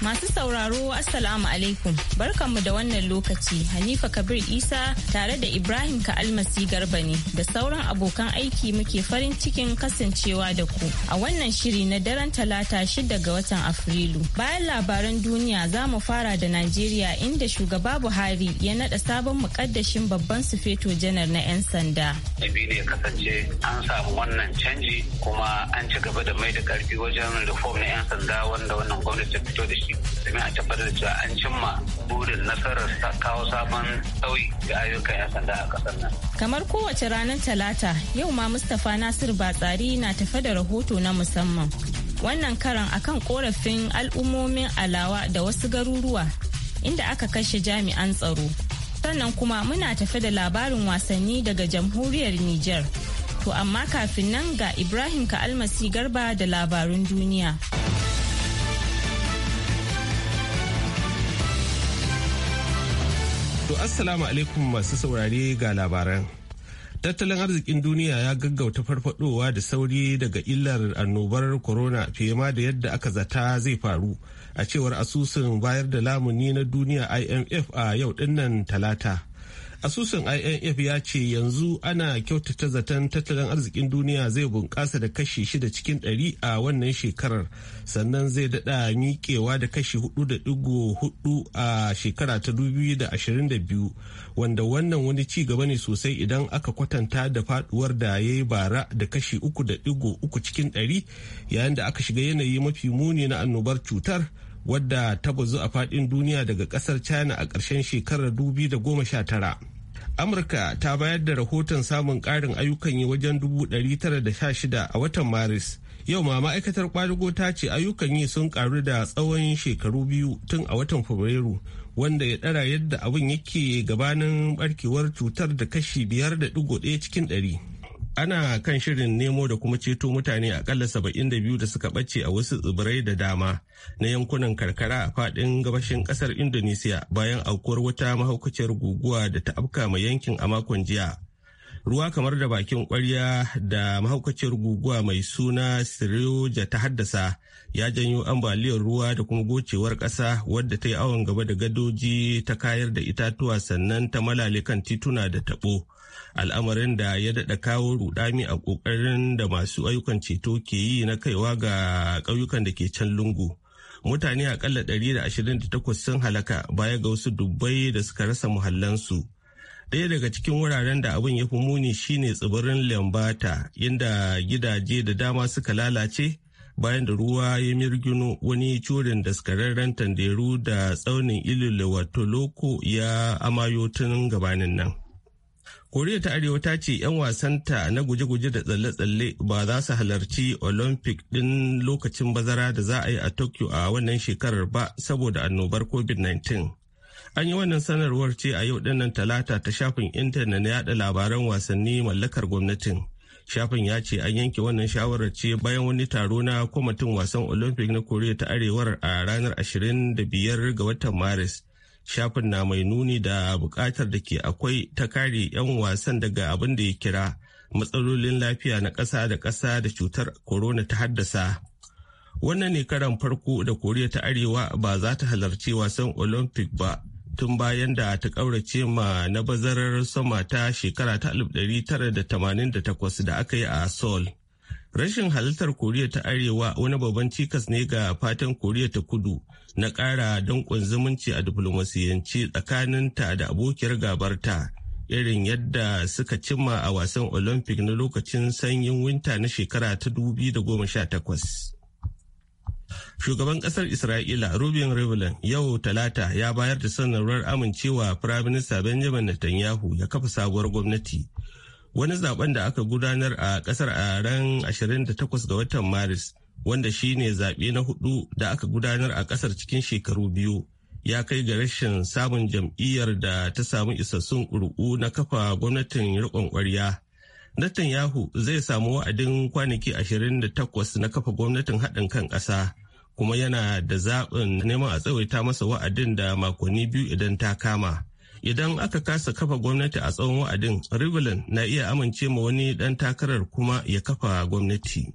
Masu sauraro Assalamu alaikum barkanmu da wannan lokaci Hanifa Kabir Isa tare da Ibrahim Ka'almasi Garba ne da sauran abokan aiki muke farin cikin kasancewa da ku a wannan shiri na daren talata shida ga watan Afrilu. Bayan labaran duniya za mu fara da Najeriya inda shugaba Buhari ya naɗa sabon muƙaddashin babban sufeto janar na 'yan sanda. ya kasance an samu wannan canji kuma an ci gaba da mai da karfi wajen reform na 'yan sanda wanda wannan gwamnati ta fito da shi aiki domin a tabbatar da cewa an cimma burin nasarar ta kawo sabon sauyi ga ayyukan 'yan sanda a kasar nan. Kamar kowace ranar Talata, yau ma Mustapha Nasir Batsari na tafe da rahoto na musamman. Wannan karan akan korafin al'ummomin alawa da wasu garuruwa inda aka kashe jami'an tsaro. Sannan kuma muna tafe da labarin wasanni daga jamhuriyar Nijar. To amma kafin nan ga Ibrahim Ka'almasi Garba da labarun duniya. To assalamu alaikum masu saurare ga labaran. Tattalin arzikin duniya ya gaggauta farfadowa da sauri daga illar annobar corona fiye ma da yadda aka zata zai faru a cewar asusun bayar da lamuni na duniya IMF a yau dinnan talata. asusun imf ya ce yanzu ana kyautata zaton tattalin arzikin duniya zai bunƙasa da kashi shida cikin ɗari a wannan shekarar sannan zai daɗa miƙewa da kashi hudu da digo hudu a shekara ta biyu wanda wannan wani ci gaba ne sosai idan aka kwatanta da faduwar da ya yi bara da kashi uku da digo uku cikin ɗari yayin da aka shiga yanayi mafi muni na annobar cutar wadda ta bazu a faɗin duniya daga ƙasar china a ƙarshen shekarar 2019 amurka ta bayar da rahoton samun ƙarin ayyukan yi wajen 916 a watan maris yau ma ma'aikatar kwadago ta ce ayyukan yi sun karu da tsawon shekaru biyu tun a watan fabrairu wanda ya ɗara yadda abin yake gabanin barkewar cutar da kashi biyar da ɗigo ɗaya cikin ɗari ana kan shirin nemo da kuma ceto mutane akalla saba'in da biyu da suka ɓace a wasu tsibirai da dama na yankunan karkara a faɗin gabashin ƙasar indonesia bayan aukuwar wata mahaukaciyar guguwa da ta afka mai yankin a makon jiya ruwa kamar da bakin kwarya da mahaukaciyar guguwa mai suna sirioja ta haddasa ya janyo ambaliyar ruwa da kuma gocewar ƙasa wadda ta yi awon gaba da gadoji ta kayar da itatuwa sannan ta malale kan tituna da taɓo al'amarin da ya daɗa kawo rudami a ƙoƙarin da masu ayyukan ceto ke yi na kaiwa ga ƙauyukan da ke can lungu mutane akalla 128 sun halaka baya ga wasu dubbai da suka rasa muhallansu. Ɗaya daga cikin wuraren da abin ya fi muni shine tsibirin Lambata, inda gidaje da dama suka lalace bayan da ruwa ya mirgino wani curin daskararren tanderu da tsaunin ililu wato loko ya amayo tun gabanin nan. Koriya ta Arewa ta ce 'yan wasanta na guje-guje da tsalle-tsalle ba za su halarci Olympic ɗin lokacin bazara da za a yi a Tokyo a wannan shekarar ba saboda annobar COVID-19. An yi wannan sanarwar ce a yau dinnan talata ta shafin intanet na yada labaran wasanni mallakar gwamnatin. Shafin ya ce an yanke wannan shawarar ce bayan wani taro na kwamitin wasan Olympic na Koriya ta Arewar a ranar 25 ga watan Maris. Shafin na mai nuni da bukatar da ke akwai ta kare 'yan wasan daga abin da ya kira matsalolin lafiya na ƙasa da kasa da cutar corona ta haddasa. Wannan ne karan farko da Koriya ta Arewa ba za ta halarci wasan Olympic ba tun bayan da ta ƙaurace ma na bazarar sama ta shekara ta 1988 da aka yi a Seoul. Rashin halittar Koriya ta Arewa wani babban cikas ne ga fatan Koriya ta Kudu na ƙara danƙon zumunci a tsakanin tsakaninta da abokiyar gabarta irin yadda suka cimma a wasan Olympic na lokacin sanyin winta na shekara ta 2018. Shugaban ƙasar Isra'ila Rubin Rivlin yau Talata ya bayar da sanarwar amincewa Firaminista Benjamin Netanyahu ya kafa sabuwar gwamnati. Wani zaben da aka gudanar a kasar a ran 28 ga watan Maris, wanda shi ne zaɓe na hudu da aka gudanar a ƙasar cikin shekaru biyu, ya kai ga rashin samun jam'iyyar da ta samu isassun ƙuri'u na kafa gwamnatin riƙon ƙwarya. Netanyahu zai samu wa'adin kwanaki 28 na kafa gwamnatin haɗin kan ƙasa kuma yana da zaɓin neman a tsawaita masa wa'adin da makonni biyu idan ta kama. Idan aka kasa kafa gwamnati a tsawon wa'adin, Rivlin na iya amince ma wani ɗan takarar kuma ya kafa gwamnati.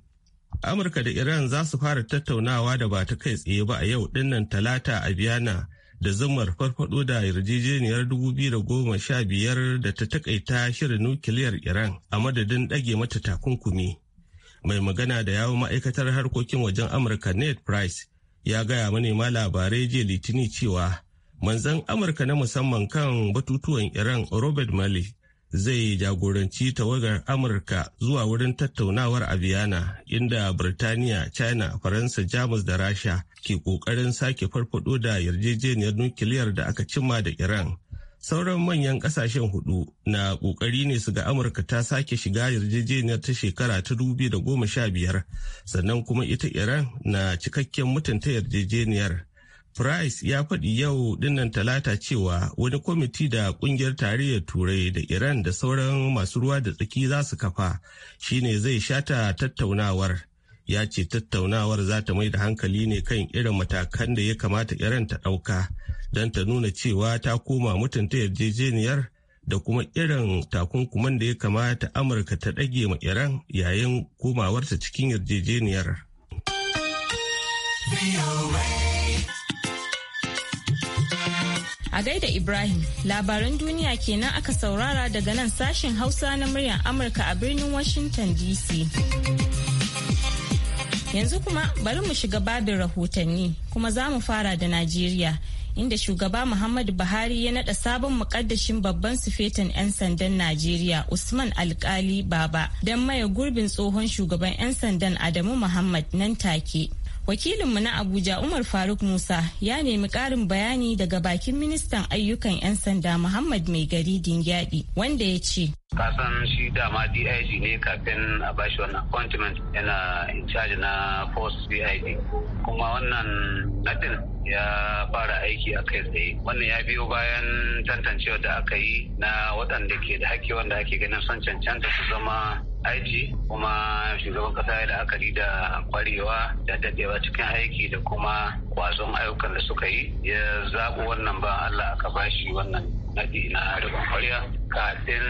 Amurka da Iran za su fara tattaunawa da ba ta kai tsaye ba a yau dinnan talata a Biyana da zumar farfado da yarjejeniyar 2015 da ta takaita shirin nukiliyar Iran a madadin ɗage mata takunkumi. mai magana da yawon ma'aikatar harkokin wajen amurka ned price ya gaya manema labarai jiya litini cewa manzan amurka na musamman kan batutuwan iran robert malley zai jagoranci tawagar amurka zuwa wurin tattaunawar a viana inda birtaniya china faransa jamus da rasha ke kokarin sake farfado da yarjejeniyar nukiliyar da aka cimma da iran sauran manyan kasashen hudu na kokari ne su ga amurka ta sake shiga yarjejeniyar ta shekara ta da goma sha biyar sannan kuma ita iran na cikakken mutunta yarjejeniyar price ya faɗi yau dinnan talata cewa wani kwamiti da kungiyar tarayyar turai da iran da sauran masu ruwa da tsaki za su kafa shine zai shata tattaunawar ya ce tattaunawar za ta mai da hankali ne kan irin matakan da ya kamata iran ta ɗauka don ta nuna cewa ta koma mutunta yarjejeniyar da kuma irin takunkuman da ya kamata amurka ta ɗage ma iran yayin komawarta cikin yarjejeniyar a gaida ibrahim labaran duniya kenan aka saurara daga nan sashen hausa na muryar amurka a birnin washington dc yanzu kuma bari mu shiga babin rahotanni kuma za mu fara da najeriya inda shugaba Muhammadu Buhari ya nada sabon mukaddashin babban sufetin 'yan sandan Najeriya Usman Alkali Baba don maye gurbin tsohon shugaban 'yan sandan Adamu Muhammad nan take. Wakilinmu na Abuja Umar Faruk Musa ya nemi ƙarin bayani daga bakin ministan ayyukan 'yan sanda Muhammad Mai Gari Dingyadi wanda ya ce. kasan shi dama dig ne kafin a bashi wannan appointment yana in charge na force dig kuma wannan nadin ya fara aiki a kai tsaye wannan ya biyo bayan tantancewa da aka yi na waɗanda ke da haƙƙi wanda ake ganin son cancanta su zama IG. kuma shugaban kasa ya la'akari da kwarewa da dadewa cikin aiki da kuma kwazon ayyukan da suka yi ya zaɓi wannan ba Allah aka bashi wannan na da kwarya kafin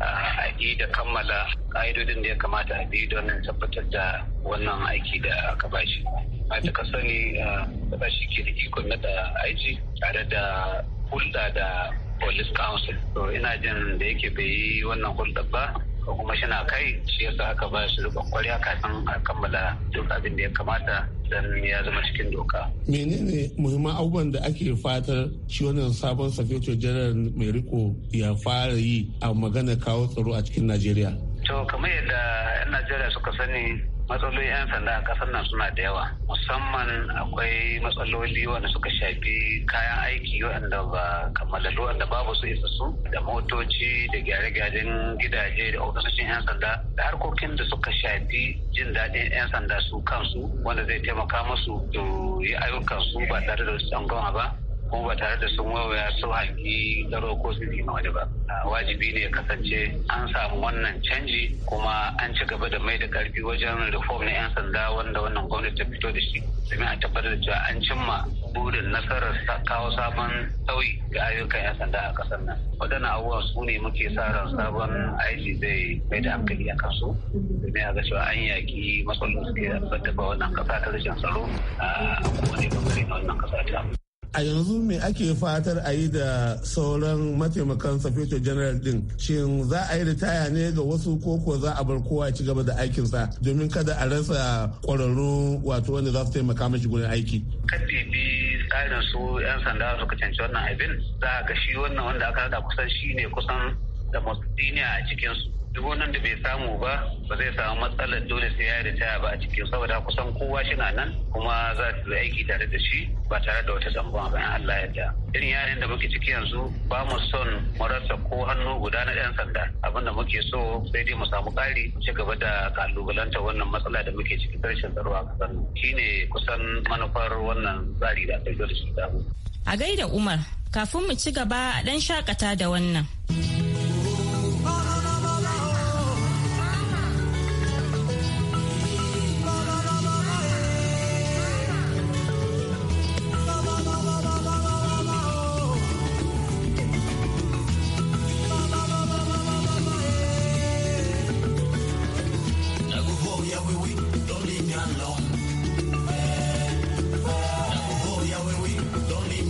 a yi da kammala ƙa'idodin da ya kamata a bi don tabbatar da wannan aiki da aka bashi. A ta sani a shi ke da ikon na da IG tare da hulɗa da police council. To ina jin da yake bai yi wannan hulɗa ba haka kuma shi na kai shi yasa aka ba shi rikon kwarya kafin a kammala duk abin da ya kamata don ya zama cikin doka. Menene muhimman abubuwan da ake fatar shi wannan sabon safeto janar mai riko ya fara yi a magana kawo tsaro a cikin Najeriya? To kamar yadda 'yan Najeriya suka sani matsalolin 'yan sanda a kasar nan suna da yawa musamman akwai matsaloli wanda suka shafi kayan aiki wanda ba kammalalu wanda babu su isa su da motoci da gyare-gyaren gidaje da ofisoshin 'yan sanda da harkokin da suka shafi jin daɗin 'yan sanda su kansu wanda zai taimaka musu su yi ayyukansu ba tare da wasu tsangwama ba ko ba tare da sun wawaya su haƙi daro ko su wani ba wajibi ne ya kasance an samu wannan canji kuma an ci gaba da mai da ƙarfi wajen reform na 'yan sanda wanda wannan gwamnati ta fito da shi domin a tabbatar da cewa an cimma burin nasarar kawo sabon sauyi ga ayyukan 'yan sanda a ƙasar nan waɗannan abubuwan su ne muke sa ran sabon aiki zai mai da hankali a kansu domin a ga cewa an yaƙi matsalolin suke ba wannan ƙasa ta rashin tsaro a kowane bangare na wannan ƙasa ta a yanzu me ake fatar a yi da sauran mataimakan safeto general din shin za a yi ritaya ne ga wasu koko za a bar kowa ci gaba da aikinsa domin kada a rasa kwararru wato wanda za su taimaka mashi gurin aiki tsarin su 'yan sanda suka cancanci wannan abin za ga shi wannan wanda aka rada kusan shi ne kusan da most a cikinsu duk wannan da bai samu ba ba zai samu matsalar dole sai ya ritaya ba a cikin saboda kusan kowa shi nan kuma za su yi aiki tare da shi ba tare da wata zamba ba Allah yadda irin yaran da muke ciki yanzu ba mu son mu rasa ko hannu guda na ɗan sanda abin da muke so sai dai mu samu ƙari mu ci gaba da kalubalanta wannan matsala da muke ciki rashin tsaro a ƙasar shine kusan manufar wannan tsari da aka yi da shi a gaida Umar kafin mu ci gaba a ɗan shakata da wannan.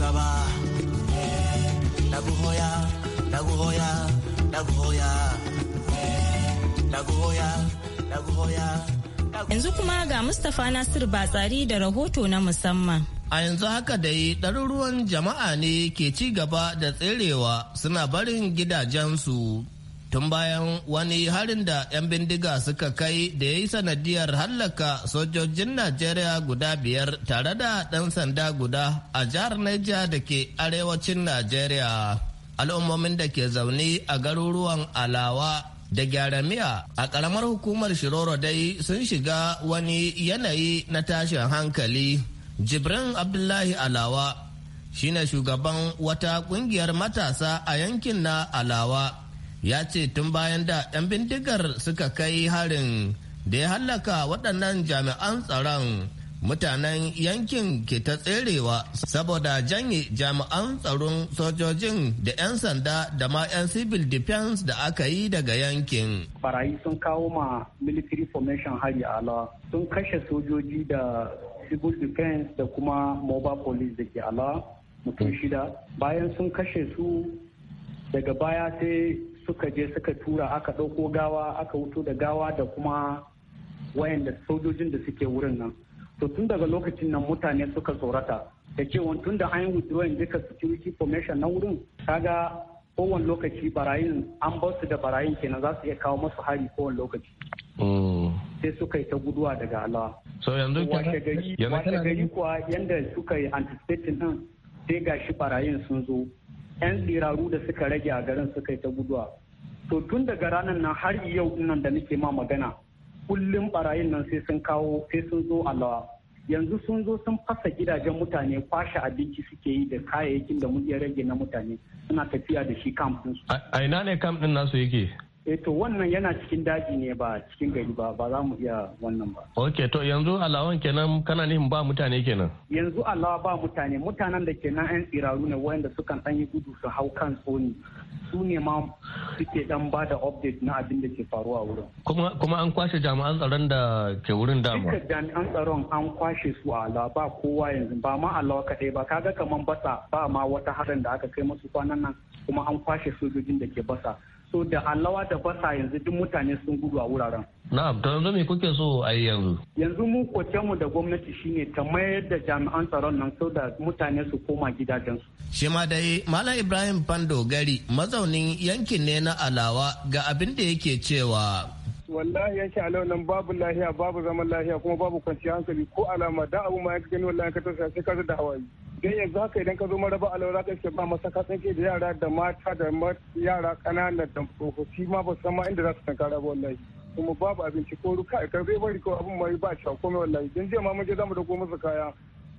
saba eh, eh, yanzu kuma ga mustapha nasir batsari da rahoto na musamman a yanzu haka dai ɗaruruwan jama'a ne ke ci gaba da tserewa suna barin gidajensu tun bayan wani harin da 'yan bindiga suka kai da ya yi sanadiyar hallaka sojojin najeriya guda biyar tare da ɗan sanda guda a jihar neja da ke arewacin najeriya al'ummomin da ke zaune a garuruwan alawa da gyaramiya a ƙaramar hukumar shiroro dai sun shiga wani yanayi na tashin hankali jibrin abdullahi alawa shine shugaban wata ƙungiyar matasa a yankin na alawa ya ce tun bayan da 'yan bindigar suka kai harin da ya hallaka waɗannan jami'an tsaron mutanen yankin ke ta tserewa saboda janye jami'an tsaron sojojin da 'yan sanda da ma 'yan civil defense da aka yi daga yankin. barayi sun kawo ma military formation hari ala sun kashe sojoji da civil defense da kuma mobile police da ke ala mutum shida bayan sun kashe su daga baya sai suka je suka tura aka ɗauko gawa aka wuto da gawa da kuma wayanda sojojin da suke wurin nan to tun daga lokacin nan mutane suka tsorata da cewa tun da an yi withdrawing duka security formation na wurin kaga kowane lokaci barayin an ba su da barayin kenan za su iya kawo masu hari kowane lokaci mm. sai suka yi ta guduwa daga alawa so yanzu gari kuwa yanda suka yi anticipating din sai gashi barayin sun zo yan tsiraru da suka rage a garin suka yi ta guduwa to tun daga ranar nan har yau nan da nake ma magana kullum barayin nan sai sun kawo sai sun zo alawa yanzu sun zo sun fasa gidajen mutane kwashe abinci suke yi da kayayyakin da muke rage na mutane suna tafiya da shi kamfin su a ina ne kamfin nasu yake e to wannan yana cikin daji ne ba cikin gari ba ba za mu iya wannan ba ok to yanzu alawan kenan kana nihin ba mutane kenan yanzu alawa ba mutane mutanen da kenan yan tsiraru ne wayanda sukan dan yi gudu su hau kan tsoni su ne ma suke dan ba da update na abin da ke faruwa wurin kuma kuma an kwashe jami'an tsaron da ke wurin dama duka jami'an tsaron an kwashe su alawa ba kowa yanzu ba ma alawa kadai ba kaga kaman basa ba ma wata harin da aka kai musu kwanan nan kuma an kwashe sojojin da ke basa so da alawa da fasa, yanzu duk mutane sun gudu a wuraren. Na'am, to yanzu me kuke so a yi yanzu? Yanzu mu mu da gwamnati shine ta mayar da jami'an tsaron nan so da mutane su koma gidajensu. Shi ma dai Malam Ibrahim Fando Gari mazaunin yankin ne na Alawa ga abin da yake cewa wallahi yanke alau nan babu lahiya babu zaman lahiya kuma babu kwanciyar hankali ko alama da abu ma yanka gani wallahi ka tasa sai ka da hawaye don yanzu haka idan ka zo maraba alaura ka ba ba masaka ke da yara da mata da yara kanana da tsofaffi ma ba san ma inda za su tankara ba wallahi kuma babu abinci ko ruka a karfe bari ko abin mai ba shi komai wallahi don jiya ma mun je za mu da masa kaya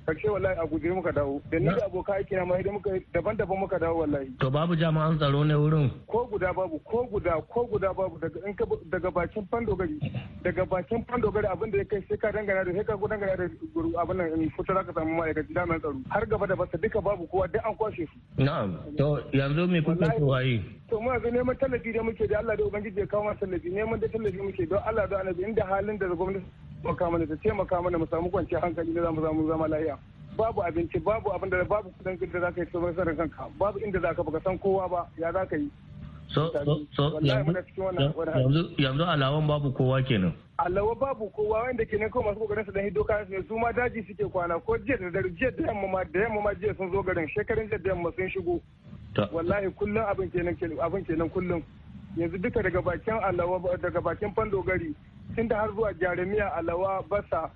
kace wallahi a guje muka dawo da ni da abokan aiki na mai muka daban-daban muka dawo wallahi to babu jami'an tsaro ne wurin ko guda babu ko guda ko guda babu daga in ka daga bakin fandogari daga bakin fandogari abin da ya kai sai ka dangana da sai ka dangana da guru abin nan in fito ka samu ma'aikaci jami'an tsaro har gaba da basa duka babu kowa duk an kwashe su na'am to yanzu me kuka so wayi to mu yanzu neman tallafi da muke da Allah da ubangiji ya kawo mana tallafi neman da tallafi muke don Allah da annabi inda halin da gwamnati taimaka mana ta taimaka mana mu samu kwanciyar hankali da zamu samu zama lafiya babu abinci babu abin da babu kudin da za ka yi saboda sanin kanka babu inda za ka baka san kowa ba ya za ka yi yanzu alawan babu kowa kenan alawa babu kowa wanda kenan ko masu kokarin su dan hiddo kayan su su ma daji suke kwana ko jiya da dare jiya da yamma ma da yamma ma jiya sun zo garin shekarun jiya da yamma sun shigo wallahi kullum abin kenan abin kenan kullum yanzu duka daga bakin alawa daga bakin fando gari da har zuwa jaramiya alawa basa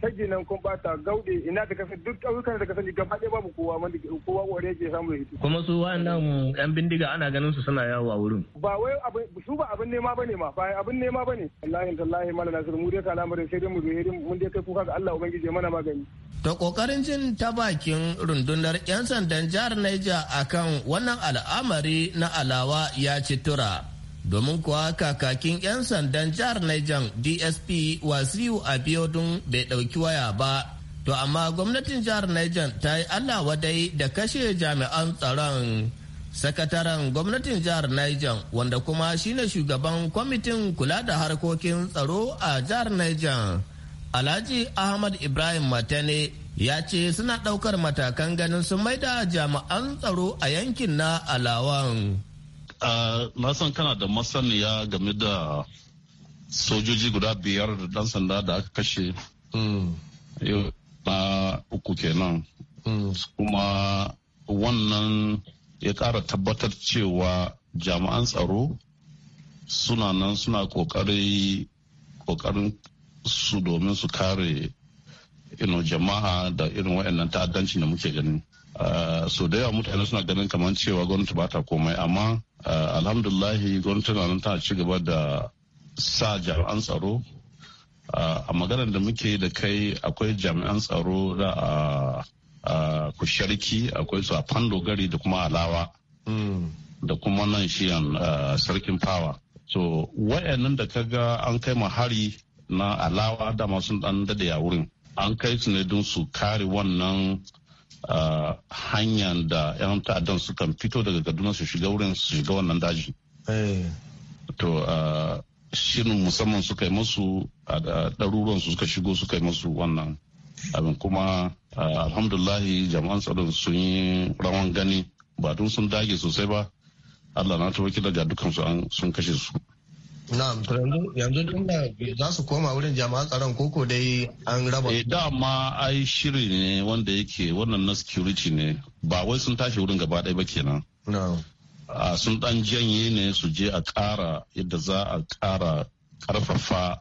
ta ginan kun bata gaude ina da kasa duk ƙauyukan da kasance gaba ɗaya babu kowa wanda kowa wani yake samu hito. kuma su wa'annan yan bindiga ana ganin su suna yawo a wurin ba wai su ba abin nema ba ne ma ba abin nema ba ne. wallahi tallahi mala nasiru, mu dai lamarin sai dai mu zuhiri mun dai kai kuka ga Allah ubangiji mana magani to kokarin jin ta bakin rundunar yan sandan jihar Niger akan wannan al'amari na alawa ya ci tura domin kuwa kakakin 'yan sandan jihar Niger DSP Wasiu Abiodun bai ɗauki waya ba. To amma gwamnatin jihar Niger ta yi Allah wadai da kashe jami'an tsaron. Sakataren gwamnatin jihar Niger wanda kuma shine shugaban kwamitin kula da harkokin tsaro a jihar Niger. Alhaji Ahmad Ibrahim Matane ya ce suna ɗaukar matakan ganin sun maida jami'an tsaro a yankin na Alawan. Uh, na san kana da masaniya game da sojoji guda biyar da dan sanda da aka kashe hmm. na uku kenan hmm. kuma wannan ya ƙara tabbatar cewa jama'an tsaro suna nan suna ƙoƙarin su domin su kare ino jama'a da irin waɗannan ta'addanci da muke gani uh, so da yawa mutane suna ganin kamar cewa gwamnati ba ta komai amma Eh, alhamdulahi gwamnatin nan ta ci gaba da sa jami'an tsaro eh, a maganar da muke da kai akwai jami'an tsaro da a eh, kusharki akwai su a gari da kuma alawa hmm. da kuma nan shiyan sarkin fawa so wayannan da kaga an kai hari na alawa dama sun dan dade a wurin an kai su ne don su kare wannan hanyar da 'yan ta'addan sukan fito daga kaduna su shiga wurin su shiga wannan daji eh. to shirin musamman suka yi masu a ɗaruruwan su suka shigo suka yi masu wannan abin kuma alhamdulahi jama'an tsaron sun yi rawan gani ba don sun dage sosai ba allah na tabbaki daga dukansu sun kashe su Na'am, to yanzu za su koma wurin jami'an tsaron koko dai an raba. Eh dama ai shiri ne wanda yake wannan na security ne ba wai sun tashi wurin gaba ɗaya ba kenan. Na'am. sun dan janye ne su je a ƙara yadda za a ƙara ƙarfafa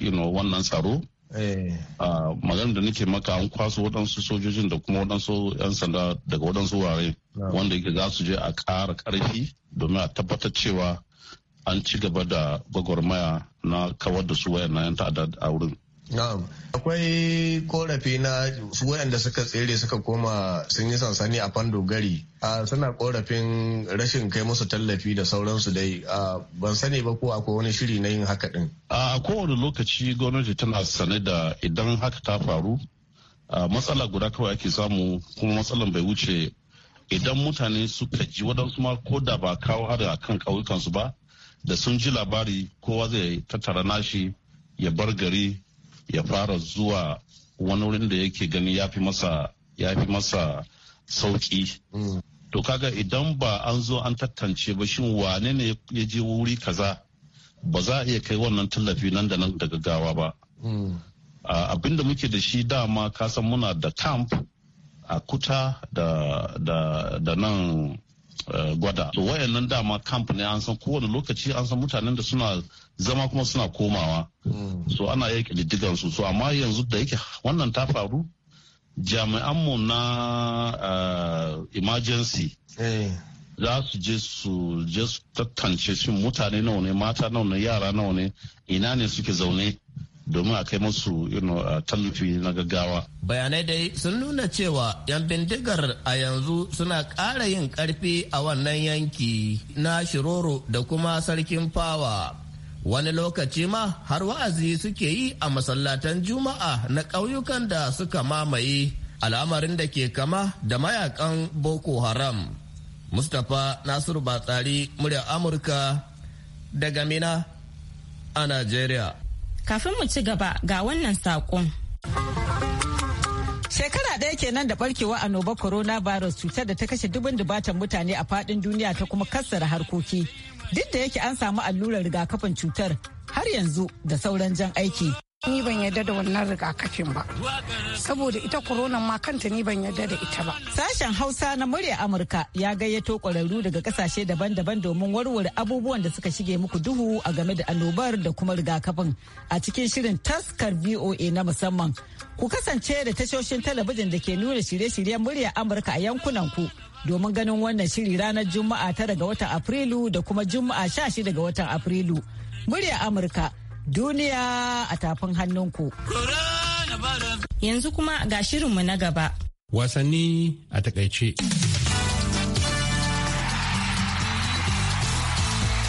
wannan tsaro. Eh. maganar da nake maka an kwaso waɗansu sojojin da kuma waɗansu 'yan sanda daga waɗansu wurare wanda za su je a ƙara ƙarfi domin a tabbatar cewa an ci gaba da gwagwarmaya na kawar da su na 'yan ta'adda a wurin Na'am. Akwai korafi na su waɗanda suka tsere suka koma sun yi sansani a fando gari. suna korafin rashin kai musu tallafi da sauransu dai. ban sani ba ko akwai wani shiri na yin haka din. A kowane lokaci gwamnati tana sane da idan haka ta faru. matsala guda kawai ake samu kuma matsalan bai wuce idan mutane suka ji waɗansu ma ko da ba kawo hada a kan ƙauyukansu ba da sun ji labari kowa zai tattara nashi ya bar gari ya fara zuwa wani wurin da yake gani ya fi masa ya fi masa sauki mm. to kaga idan ba an zo an tattance ba shin wane ne ya je wuri kaza ba za a iya kai wannan tallafi nan da nan da gaggawa ba mm. abin da muke da shi dama kasan muna da camp a kuta da nan Eh, gwada to wayannan dama camp ne an san kowane lokaci an san mutanen da suna zama kuma suna komawa hmm. so ana iya kididdigan su so amma yanzu da yake wannan ta faru jami'an mu na eh, emergency eh. za su je su je su tattance shin mutane nawa ne mata nawa ne yara nawa ne ina ne suke zaune domin a kai musu tallafi na gaggawa. Bayanai dai sun nuna cewa 'yan bindigar a yanzu suna ƙara yin ƙarfi a wannan yanki na Shiroro da kuma Sarkin Fawa. Wani lokaci ma har wa'azi suke yi a masallatan Juma'a na ƙauyukan da suka mamaye al'amarin da ke kama da mayakan Boko Haram. Mustapha Nasiru Batsari, murya Amurka daga Mina a Najeriya. Kafin mu ci gaba ga wannan saƙon. Shekara ɗaya kenan da barkewa annoba virus cutar da ta kashe dubin dubatan mutane a faɗin duniya ta kuma kassara harkoki. Duk da yake an samu allurar rigakafin cutar har yanzu da sauran jan aiki. ni ban yarda da wannan rigakafin ba saboda ita corona ma kanta ni ban yarda da ita ba sashen hausa na murya amurka ya gayyato kwararru daga kasashe daban-daban domin warware abubuwan da suka shige muku duhu a game da annobar da kuma rigakafin a cikin shirin taskar voa na musamman ku kasance da tashoshin talabijin da ke nuna shirye-shiryen murya amurka a yankunan ku domin ganin wannan shiri ranar juma'a tara ga watan afrilu da kuma juma'a sha shida ga watan afrilu murya amurka duniya a tafin hannunku. Yanzu kuma ga shirinmu na gaba. Wasanni a takaice.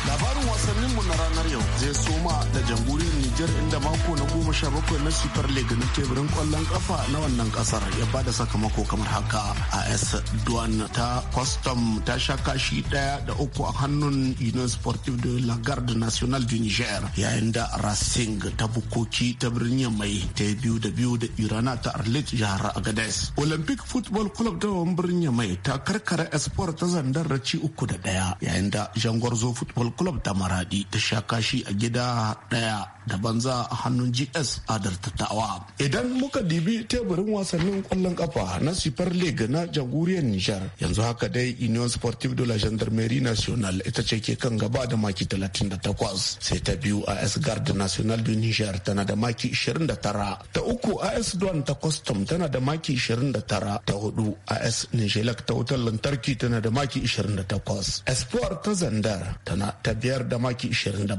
Labarin wasanninmu na ranar yau zai soma da jamhuriyar Niger inda mako na goma sha bakwai na Super League na teburin kwallon kafa na wannan kasar ya ba da sakamako kamar haka. a s Duan ta Custom ta sha kashi daya da uku a hannun Union Sportive de la Garde National du Niger yayin da Racing ta Bukoki ta birnin mai ta biyu da biyu da Irana ta Arlit jihar Agadez. Olympic Football Club ta birnin mai ta karkara Esport ta zandar raci uku da daya yayin da Jangwarzo Football Club ta Maradi ta sha kashi a gida daya da banza a hannun GS Adar Tattawa. Idan muka dibi teburin wasannin kwallon kafa na Super League na jamhuriyar Nijar yanzu haka dai Union Sportive de la Gendarmerie Nationale ita ce ke kan gaba da maki 38 sai ta biyu AS guard National de Nijar tana da maki 29 ta uku AS don ta Custom tana da maki 29 ta hudu AS Nijelak ta wutar lantarki tana da maki 28 Espoir ta Zandar tana ta biyar da maki 27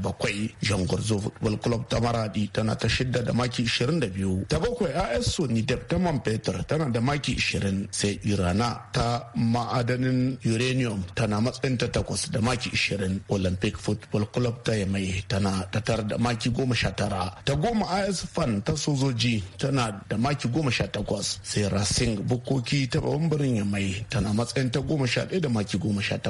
Jangorzo Football club ta maradi tana ta shidda da maki 22 ta bakwai as Sony sonidep ta man fetur tana da maki 20 sai irana ta ma'adanin uranium tana matsayin ta takwas da maki 20 olympic football club ta yamai tana ta tar da maki 19 ta goma as fan ta sojoji tana da maki 18 sai racing bukoki ta bambarin yamai tana matsayin ta 11 da maki 18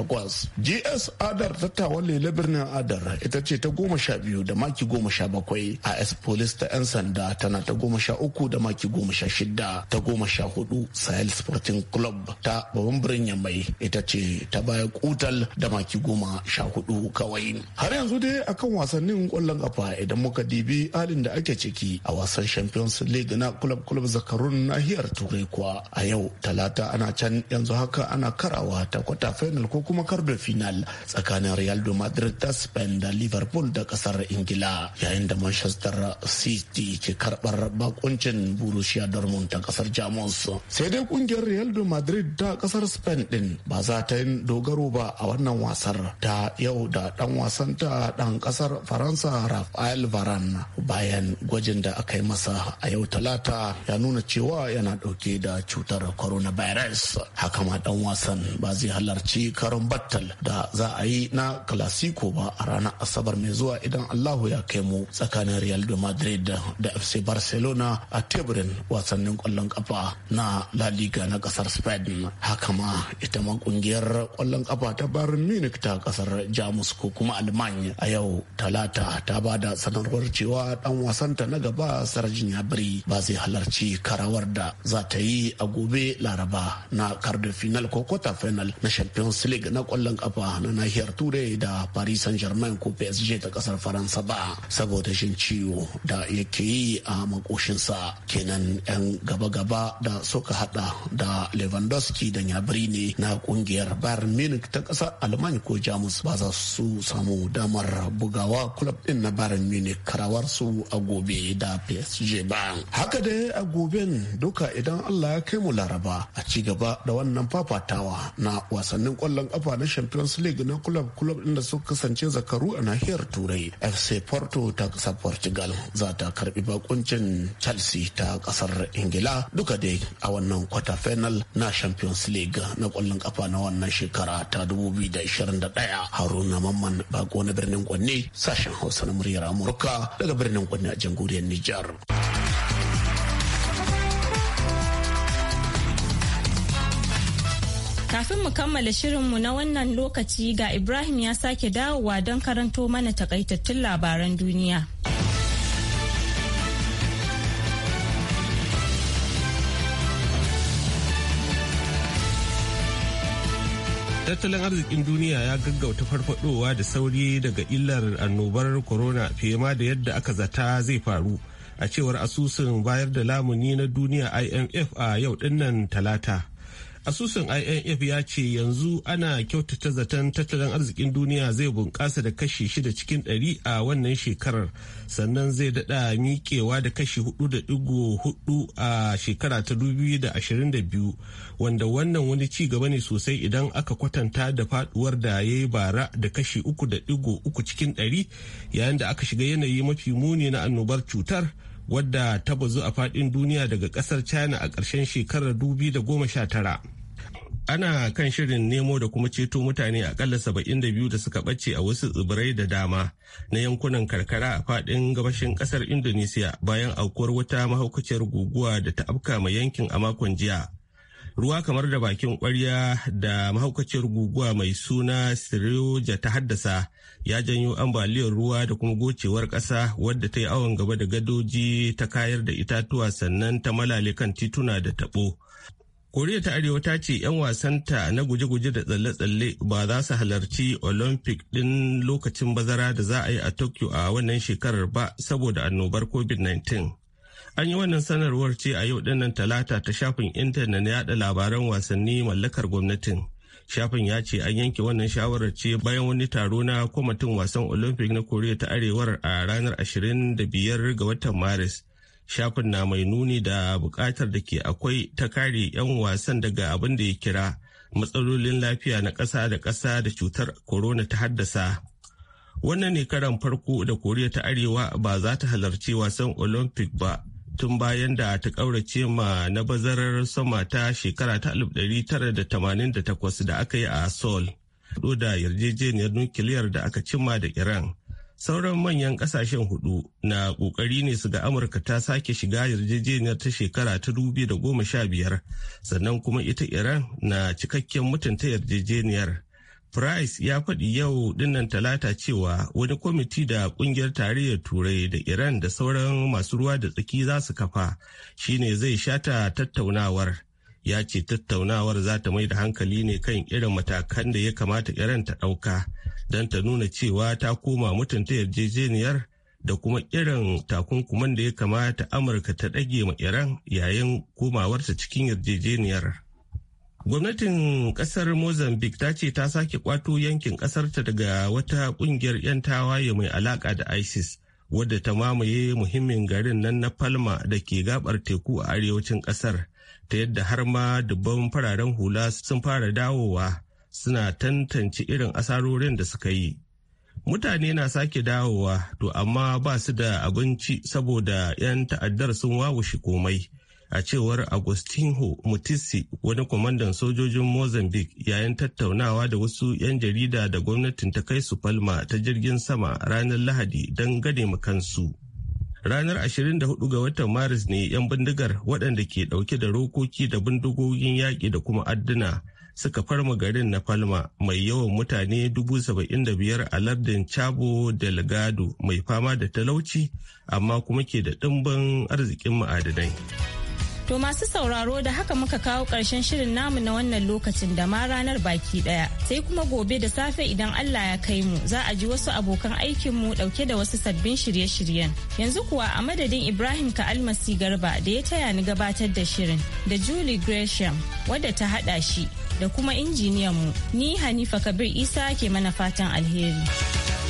gs adar ta tawalle lele adar ita ce ta 12 da maki 17 bakwai a police ta 'yan sanda tana ta goma sha uku da maki goma sha shida ta goma sha hudu sahel sporting club ta babban birnin mai ita ce ta baya kutal da maki goma sha hudu kawai har yanzu dai akan wasannin kwallon kafa idan muka dibi halin da ake ciki a wasan champions league na club club zakarun nahiyar turai kuwa a yau talata ana can yanzu haka ana karawa ta kwata final ko kuma karbe final tsakanin real madrid ta spain da liverpool da kasar ingila yayin da manchester city ke karbar bakuncin borussia dortmund ta kasar jamus sai dai kungiyar real de madrid ta kasar spain din ba za ta yi dogaro ba a wannan wasar ta yau da dan wasan ta dan kasar faransa rafael varane bayan gwajin da aka yi masa a yau talata ya nuna cewa yana dauke da cutar coronavirus haka ma dan wasan ba zai halarci karon battle da za a yi na clasico ba a ranar asabar mai zuwa idan allahu ya kai mu tsakanin real de madrid da fc barcelona a teburin wasannin kwallon kafa na la liga na kasar spain haka ma ita ma kungiyar kwallon kafa ta bayern munich ta kasar jamus ko kuma almanya a yau talata ta ba da sanarwar cewa dan wasanta na gaba sarjin yabri ba zai halarci karawar da za ta yi a gobe laraba na karda final ko kwata final na champions league na kwallon kafa na nahiyar turai da paris saint germain ko psg ta kasar faransa ba saboda saboda ciwo da yake yi a makoshinsa kenan 'yan gaba-gaba da suka hada da lewandowski da nyabri ne na kungiyar bayern munich ta kasar alemany ko jamus ba za su samu damar bugawa club din na bayern munich karawar su a gobe da psg ba haka dai a goben duka idan allah ya kai mu laraba a ci gaba da wannan fafatawa na wasannin kwallon kafa na champions league na club club din da suka kasance zakaru a nahiyar turai fc porto ta kasar portugal za ta karbi bakuncin chelsea ta kasar ingila duka dai a wannan quarter final na champions league na kwallon kafa na wannan shekara ta 2021 haruna mamman bako na birnin kwanne sashen hausa na muryar amurka daga birnin kwanne a jamhuriyar nijar. Kafin mu kammala shirinmu na wannan lokaci ga Ibrahim ya sake dawowa don karanto mana takaitattun labaran duniya. tattalin arzikin duniya ya gaggauta farfadowa da sauri daga illar annobar corona fiye ma da yadda aka zata zai faru a cewar asusun bayar da lamuni na duniya imf a yau dinnan talata asusun imf ya ce yanzu ana kyautata zaton tattalin arzikin duniya zai bunƙasa da kashi shida cikin ɗari a wannan shekarar sannan zai daɗa miƙewa da kashi hudu da ɗigo hudu a shekara ta da da ashirin biyu wanda wannan wani ci gaba ne sosai idan aka kwatanta da faduwar da ya yi bara da kashi uku da ɗigo uku cikin ɗari yayin da aka shiga yanayi mafi muni na annobar cutar wadda ta bazu a faɗin duniya daga ƙasar china a karshen shekarar 2019 ana kan shirin nemo da kuma ceto mutane akalla saba'in da biyu da suka ɓace a wasu tsibirai da dama na yankunan karkara a faɗin gabashin ƙasar indonesia bayan aukuwar wata mahaukaciyar guguwa da ta afka ma yankin a makon jiya ruwa kamar da bakin kwarya da mahaukaciyar guguwa mai suna sirioja ta haddasa ya janyo ambaliyar ruwa da kuma gocewar ƙasa wadda ta yi awon gaba da gadoji ta kayar da itatuwa sannan ta malale kan tituna da taɓo. koriya ta arewa ta ce 'yan wasanta na guje-guje da tsalle-tsalle ba za su halarci olympic ɗin lokacin bazara da za a yi a tokyo a wannan shekarar ba saboda annobar covid-19 an yi wannan sanarwar ce a yau dinnan talata ta shafin intanet na yada labaran wasanni mallakar gwamnatin shafin ya ce an yanke wannan shawarar ce bayan wani taro na kwamitin wasan olympic na koriya ta arewar a ranar 25 ga watan maris shafin na mai nuni da bukatar da ke akwai ta kare 'yan wasan daga abin da ya kira matsalolin lafiya na ƙasa da ƙasa da cutar corona ta haddasa wannan ne karan farko da koriya ta arewa ba za ta halarci wasan olympic ba tun bayan da ta ƙaurace ma na bazarar sama ta shekara ta 1988 da aka yi a seoul da yarjejeniyar nukiliyar da aka cimma da iran sauran manyan kasashen hudu na kokari ne su ga amurka ta sake shiga yarjejeniyar ta shekara ta da goma sha biyar sannan kuma ita iran na cikakken mutunta yarjejeniyar price ya faɗi yau dinnan talata cewa wani kwamiti da kungiyar tarayyar turai da iran da sauran masu ruwa da tsaki za su kafa shine zai shata tattaunawar ya ce tattaunawar za ta mai da hankali ne kan irin matakan da ya kamata iran ta ɗauka don ta nuna cewa ta koma mutunta yarjejeniyar da kuma irin takunkuman da ya kamata amurka ta ɗage ma iran yayin komawarta cikin yarjejeniyar gwamnatin ƙasar mozambique ta ce ta sake kwato yankin kasarta daga wata ƙungiyar 'yan tawaye mai alaƙa da isis wadda ta mamaye muhimmin garin nan na palma da ke gabar teku a arewacin ƙasar. ta yadda har ma dubban fararen hula sun fara dawowa suna tantance irin asarorin da suka yi. Mutane na sake dawowa to amma ba su da abinci saboda 'yan ta'addar sun wawushe komai. A cewar Agustinho Mutisi wani kwamandan sojojin Mozambique yayin tattaunawa da wasu 'yan jarida da gwamnatin ta kai su Palma ta jirgin sama ranar Lahadi don gane kansu. ranar 24 ga watan maris ne 'yan bindigar waɗanda ke ɗauke da rokoki da bindigogin yaƙi da kuma adduna suka farma garin na palma mai yawan mutane 75,000 a lardin cabo delgado mai fama da talauci amma kuma ke da ɗimbin arzikin ma'adinai. To masu sauraro da haka muka kawo ƙarshen shirin namu na wannan lokacin da ma ranar baki ɗaya. Sai kuma gobe da safe idan Allah ya kai mu za a ji wasu abokan aikinmu ɗauke da wasu sabbin shirye-shiryen. Yanzu kuwa a madadin Ibrahim ka almasi Garba da ya taya ni gabatar da shirin da Julie Gresham wadda ta haɗa shi da kuma injiniyan mu ni Hanifa Kabir Isa ke mana fatan alheri.